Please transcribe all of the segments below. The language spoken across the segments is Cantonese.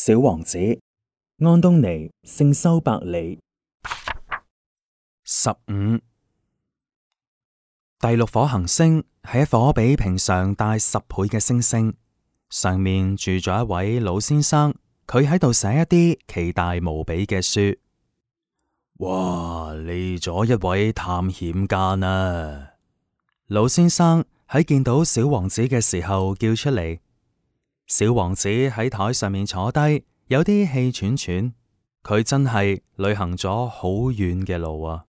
小王子，安東尼·聖修伯里。十五，第六顆行星係一顆比平常大十倍嘅星星，上面住咗一位老先生，佢喺度寫一啲奇大無比嘅書。哇！嚟咗一位探險家啦！啊！老先生喺見到小王子嘅時候叫出嚟。小王子喺台上面坐低，有啲氣喘喘。佢真係旅行咗好遠嘅路啊！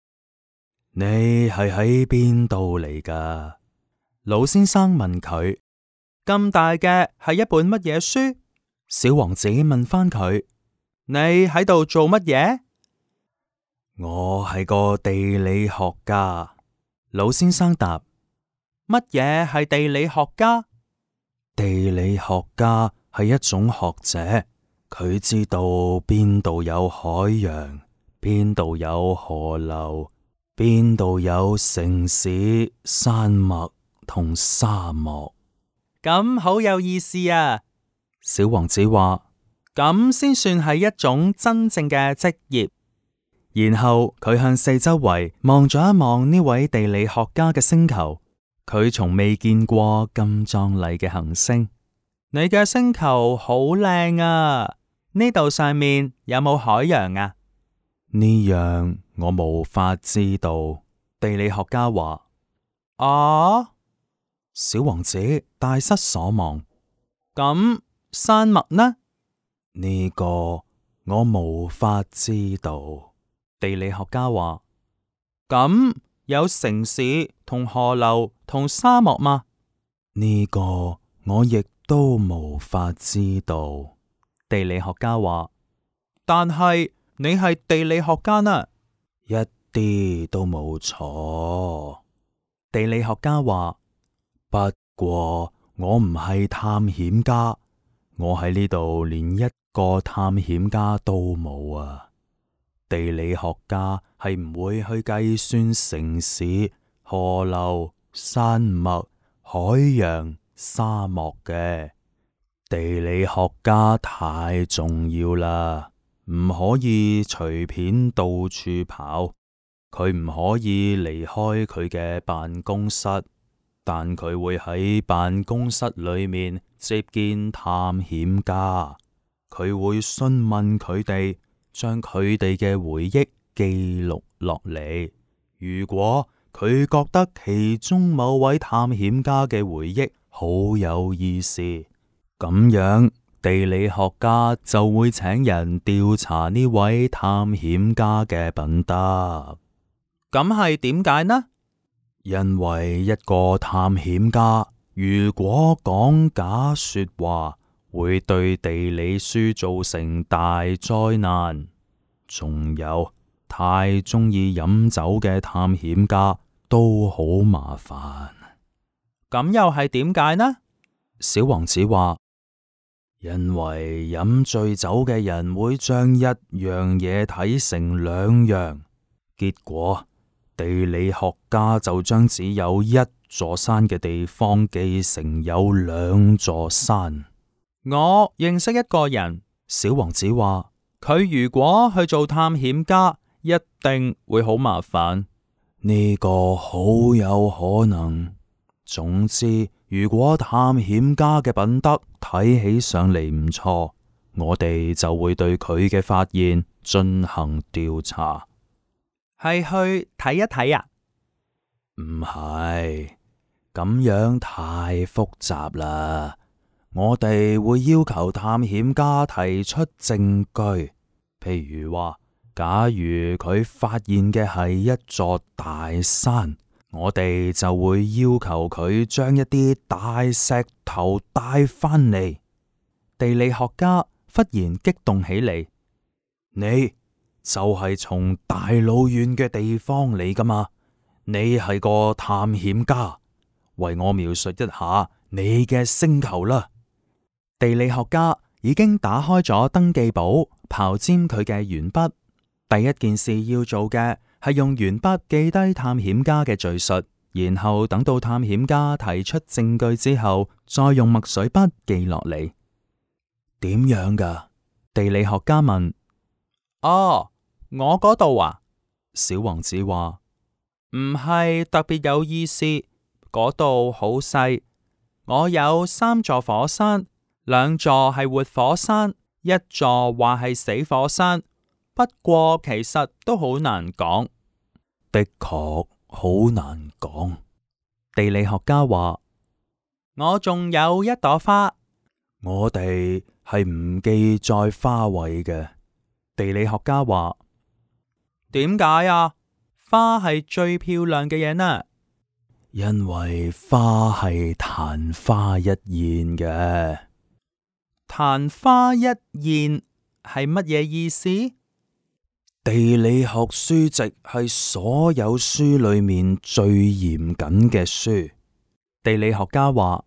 你係喺邊度嚟㗎？老先生問佢。咁大嘅係一本乜嘢書？小王子問返佢。你喺度做乜嘢？我係個地理學家。老先生答。乜嘢係地理學家？地理學家係一種學者，佢知道邊度有海洋，邊度有河流，邊度有城市、山脈同沙漠。咁好有意思啊！小王子話：咁先算係一種真正嘅職業。然後佢向四周圍望咗一望呢位地理學家嘅星球。佢從未見過咁壯麗嘅行星。你嘅星球好靚啊！呢度上面有冇海洋啊？呢樣我無法知道。地理學家話：哦、啊，小王子大失所望。咁、嗯、山脈呢？呢個我無法知道。地理學家話：咁、嗯。有城市同河流同沙漠嗎？呢個我亦都無法知道。地理學家話，但係你係地理學家啦，一啲都冇錯。地理學家話，不過我唔係探險家，我喺呢度連一個探險家都冇啊。地理學家係唔會去計算城市、河流、山脈、海洋、沙漠嘅。地理學家太重要啦，唔可以隨便到處跑。佢唔可以離開佢嘅辦公室，但佢會喺辦公室裏面接見探險家，佢會詢問佢哋。將佢哋嘅回憶記錄落嚟。如果佢覺得其中某位探險家嘅回憶好有意思，咁樣地理學家就會請人調查呢位探險家嘅品德。咁係點解呢？因為一個探險家如果講假說話。會對地理書造成大災難，仲有太鍾意飲酒嘅探險家都好麻煩。咁又係點解呢？小王子話：因為飲醉酒嘅人會將一樣嘢睇成兩樣，結果地理學家就將只有一座山嘅地方記成有兩座山。我認識一個人，小王子話佢如果去做探險家，一定會好麻煩。呢個好有可能。總之，如果探險家嘅品德睇起上嚟唔錯，我哋就會對佢嘅發現進行調查，係去睇一睇呀、啊？唔係，咁樣太複雜啦。我哋會要求探險家提出證據，譬如話，假如佢發現嘅係一座大山，我哋就會要求佢將一啲大石頭帶翻嚟。地理學家忽然激動起嚟：「你就係從大老遠嘅地方嚟噶嘛？你係個探險家，為我描述一下你嘅星球啦。地理學家已經打開咗登記簿，刨尖佢嘅鉛筆。第一件事要做嘅係用鉛筆記低探險家嘅敘述，然後等到探險家提出證據之後，再用墨水筆記落嚟。點樣㗎？地理學家問。哦，我嗰度啊，小王子話唔係特別有意思，嗰度好細，我有三座火山。兩座係活火山，一座話係死火山，不過其實都好難講，的確好難講。地理學家話：我仲有一朵花。我哋係唔記載花卉嘅。地理學家話：點解啊？花係最漂亮嘅嘢呢？因為花係曇花一現嘅。曇花一現係乜嘢意思？地理學書籍係所有書裏面最嚴謹嘅書。地理學家話，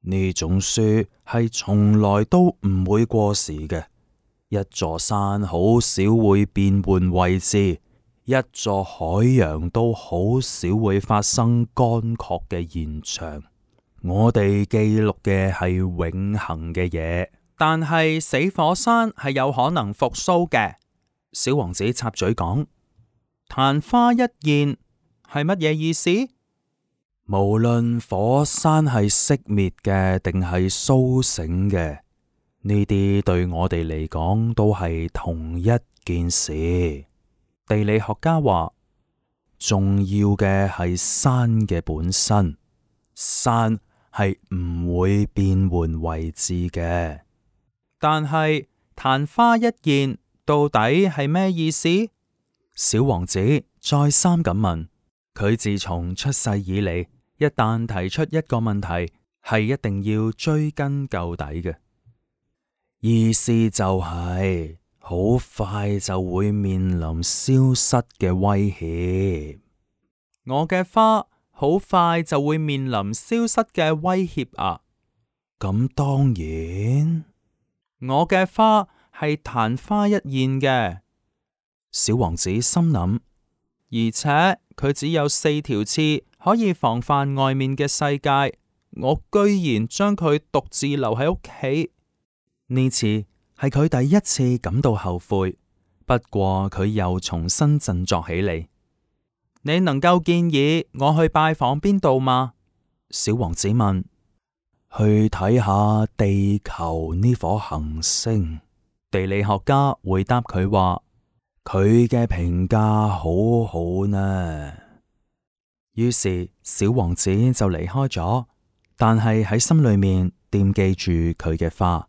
呢種書係從來都唔會過時嘅。一座山好少會變換位置，一座海洋都好少會發生乾涸嘅現象。我哋記錄嘅係永恆嘅嘢，但係死火山係有可能復蘇嘅。小王子插嘴講：曇花一現係乜嘢意思？無論火山係熄滅嘅定係蘇醒嘅，呢啲對我哋嚟講都係同一件事。地理學家話：重要嘅係山嘅本身，山。係唔會變換位置嘅，但係曇花一現到底係咩意思？小王子再三咁問，佢自從出世以嚟，一旦提出一個問題，係一定要追根究底嘅，意思就係、是、好快就會面臨消失嘅威脅。我嘅花。好快就會面臨消失嘅威脅啊！咁當然，我嘅花係曇花一現嘅。小王子心諗，而且佢只有四條刺可以防範外面嘅世界。我居然將佢獨自留喺屋企，呢次係佢第一次感到後悔。不過佢又重新振作起嚟。你能夠建議我去拜訪邊度嗎？小王子問。去睇下地球呢顆行星。地理學家回答佢話：佢嘅評價好好呢。於是小王子就離開咗，但係喺心裏面惦記住佢嘅花。